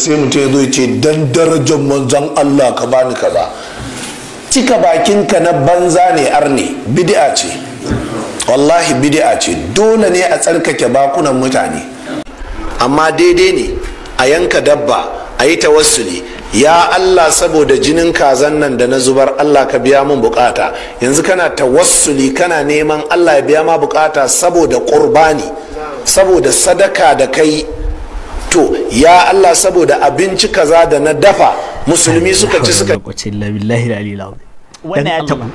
sai mutum ya zo ce dan darajar manzon Allah ka bani kaza cika bakinka na banza ne arne bid'a ce wallahi bid'a ce dole ne a tsarkake bakunan mutane amma daidai ne a yanka dabba a yi tawassuli ya Allah saboda jinin kazan nan da na zubar Allah ka biya mun bukata yanzu kana tawassuli kana neman Allah ya biya ma bukata saboda qurbani saboda sadaka da kai to ya Allah saboda abinci kaza da na dafa musulmi suka ci suka wannan ya tabu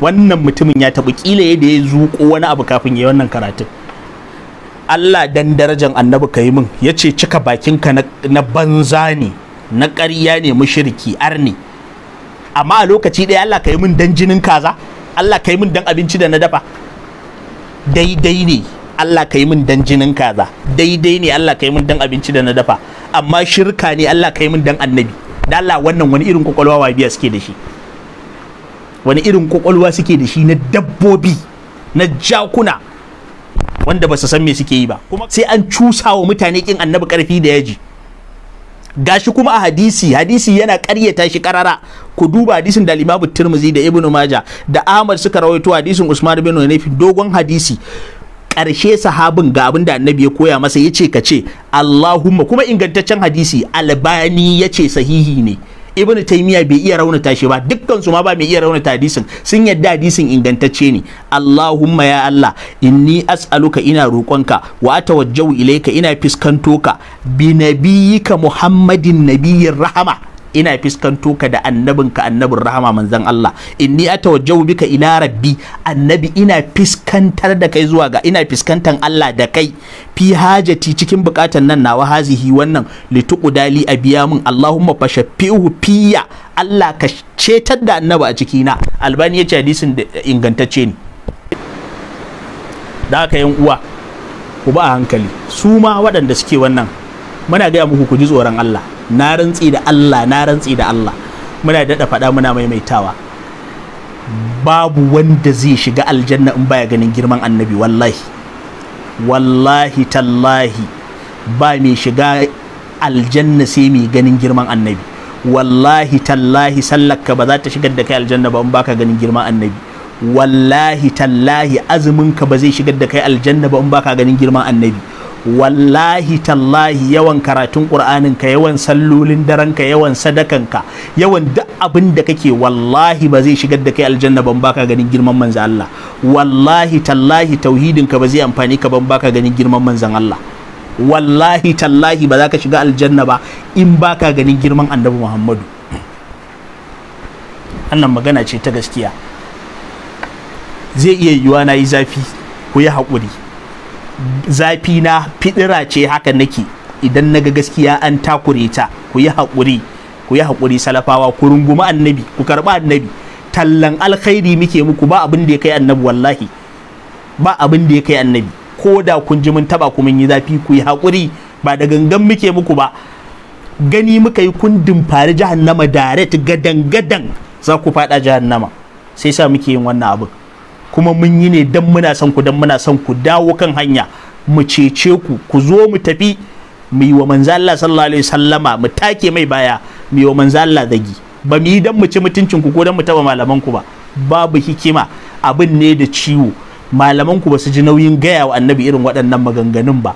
wannan mutumin ya tabu kila yadda ya zuko wani abu kafin ya wannan karatun Allah dan darajan annabi ka yi min ya ce cika bakinka na banza ne na ƙarya ne mushriki arni amma a lokaci ɗaya Allah ka yi min dan jinin kaza Allah ka yi min dan abinci da na dafa daidai ne Allah ka yi min dan jinin kaza daidai ne Allah ka yi min dan abinci da na dafa amma shirka ne Allah ka yi min dan annabi da Allah wannan wani irin kwakwalwa biya suke da shi wani irin kwakwalwa suke da shi na dabbobi na jakuna wanda ba su san me suke yi ba kuma sai an cusa wa mutane kin annabi karfi da yaji gashi kuma a hadisi hadisi yana karyata shi karara ku duba hadisin da Imam Tirmidhi da Ibn Majah da Ahmad suka rawaito hadisin Usman bin Hunayf dogon hadisi Karshe sahabin ga abin da annabi ya koya masa ya ce ka ce Allahumma kuma ingantaccen hadisi albani ya ce sahihi ne ibn taymiya bai iya raunata shi ba dukkan su ma ba mai iya raunata hadisin sun yadda hadisin ingantacce ne Allahumma ya Allah inni as'aluka ina roƙonka wa atawajjahu ilayka ina fiskanto ka bi nabiyyika Muhammadin nabiyyir rahama ina fiskanto ka da annabinka annabin rahama manzan Allah inni atawajjahu bika ila rabbi annabi ina fiskantar da kai zuwa ga ina fiskantan Allah da kai fi hajati cikin bukatan nan nawa hazihi wannan lituqudali a biya mun Allahumma fashaffihu fiya Allah ka cetar da annabi a cikina albani ya ce hadisin da ingantacce ne da aka yan uwa ku ba a hankali su ma waɗanda suke wannan muna gaya muku ku ji tsoron Allah na rantsi da Allah na rantsi da Allah muna daɗa faɗa muna maimaitawa babu wanda zai shiga aljanna in baya ganin girman annabi wallahi wallahi tallahi ba mai shiga aljanna sai mai ganin girman annabi wallahi tallahi sallaka ba za ta shigar da kai aljanna ba in baka ganin girman annabi wallahi tallahi azuminka ba zai shigar da kai aljanna ba in baka ganin girman annabi wallahi tallahi yawan karatun ƙur'anin ka yawan sallolin daren ka yawan sadakan ka yawan duk abin da kake wallahi ba zai shigar da kai aljanna ban baka ganin girman manzan Allah wallahi tallahi tauhidin ka ba zai amfani ka ban baka ganin girman manzan Allah wallahi tallahi ba za ka shiga aljanna ba in baka ganin girman annabi Muhammadu annan magana ce ta gaskiya zai iya yiwuwa na yi zafi ku yi haƙuri zafi na fidira ce haka nake idan na ga gaskiya an takure ta ku yi haƙuri ku yi haƙuri salafawa ku runguma annabi ku karɓa annabi tallan alkhairi muke muku ba abin da ya kai annabi wallahi ba abin da ya kai annabi ko da kun ji mun taba ku mun yi zafi ku yi haƙuri ba da gangan muke muku ba gani muka yi kun dimfari jahannama direct gadan gadan za ku faɗa jahannama sai sa muke yin wannan abin kuma mun yi ne dan muna son ku dan muna son ku dawo kan hanya mu cece ku ku zo mu tafi mu yi wa manzo Allah sallallahu alaihi wasallama mu take mai baya mu yi wa manzo Allah zagi ba mu yi dan mu ci mutuncin ku ko dan mu taba malaman ku ba babu hikima abin ne da ciwo malaman ku ba su ji nauyin gaya wa annabi irin waɗannan maganganun ba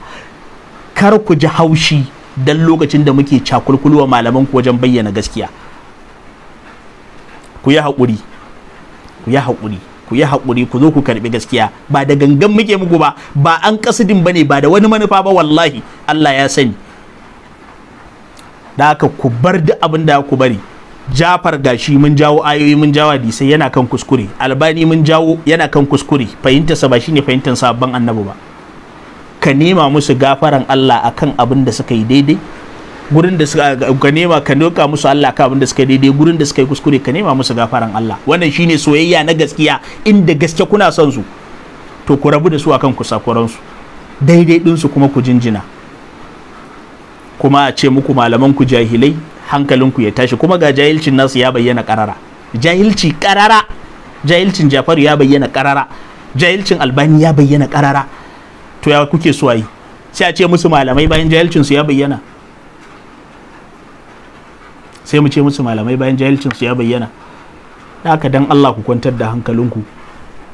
kar ku ji haushi dan lokacin da muke cakulkulwa malaman ku wajen bayyana gaskiya ku yi haƙuri ku yi haƙuri ku yi hakuri ku zo ku karɓi gaskiya ba da gangan muke muku ba ba an kasidin ne ba da wani manufa ba wallahi Allah ya sani da haka ku bar duk abin da ku bari jafar gashi mun jawo ayoyi mun jawo hadisai yana kan kuskure albani mun jawo yana kan kuskure sa ba shine fahimtar sabon annabi ba ka nema musu gafaran Allah akan abin da suka yi daidai gurin da suka nema ka doka musu Allah ka abin da suka daidai gurin da suka yi kuskure ka nema musu gafaran Allah wannan shine soyayya na gaskiya inda gaske kuna son su to ku rabu da su akan kusakuran su daidai din su kuma ku jinjina kuma a ce muku malaman ku jahilai hankalin ku ya tashi kuma ga jahilcin nasu ya bayyana karara jahilci karara jahilcin Jafaru ya bayyana karara jahilcin Albani ya bayyana karara to ya kuke so ayi sai a ce musu malamai bayan jahilcin su ya bayyana sai mu ce musu malamai bayan jahilcin su ya bayyana da haka dan Allah ku kwantar da hankalinku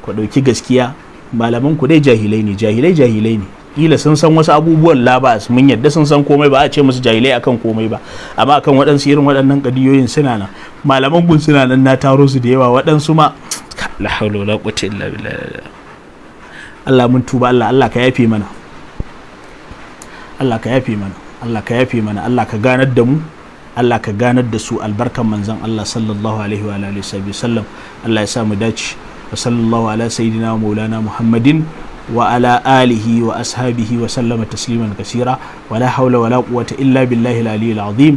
ku ɗauki gaskiya malaman ku dai jahilai ne jahilai jahilai ne kila sun san wasu abubuwan labas mun yadda sun san komai ba a ce musu jahilai akan komai ba amma akan waɗansu irin waɗannan kadiyoyin suna nan malaman kun suna nan na taro su da yawa waɗansu ma la hawla wala quwwata illa billah Allah mun tuba Allah Allah ka yafe mana Allah ka yafe mana Allah ka yafe mana Allah ka ganar da mu Allah ka ganar da su albarkan manzon Allah sallallahu alaihi wa alihi wa sallam Allah ya sa mu dace wa sallallahu ala sayidina maulana Muhammadin wa ala alihi wa ashabihi wa sallama tasliman kasira wala haula wala quwwata illa billahi al-aliyyil azim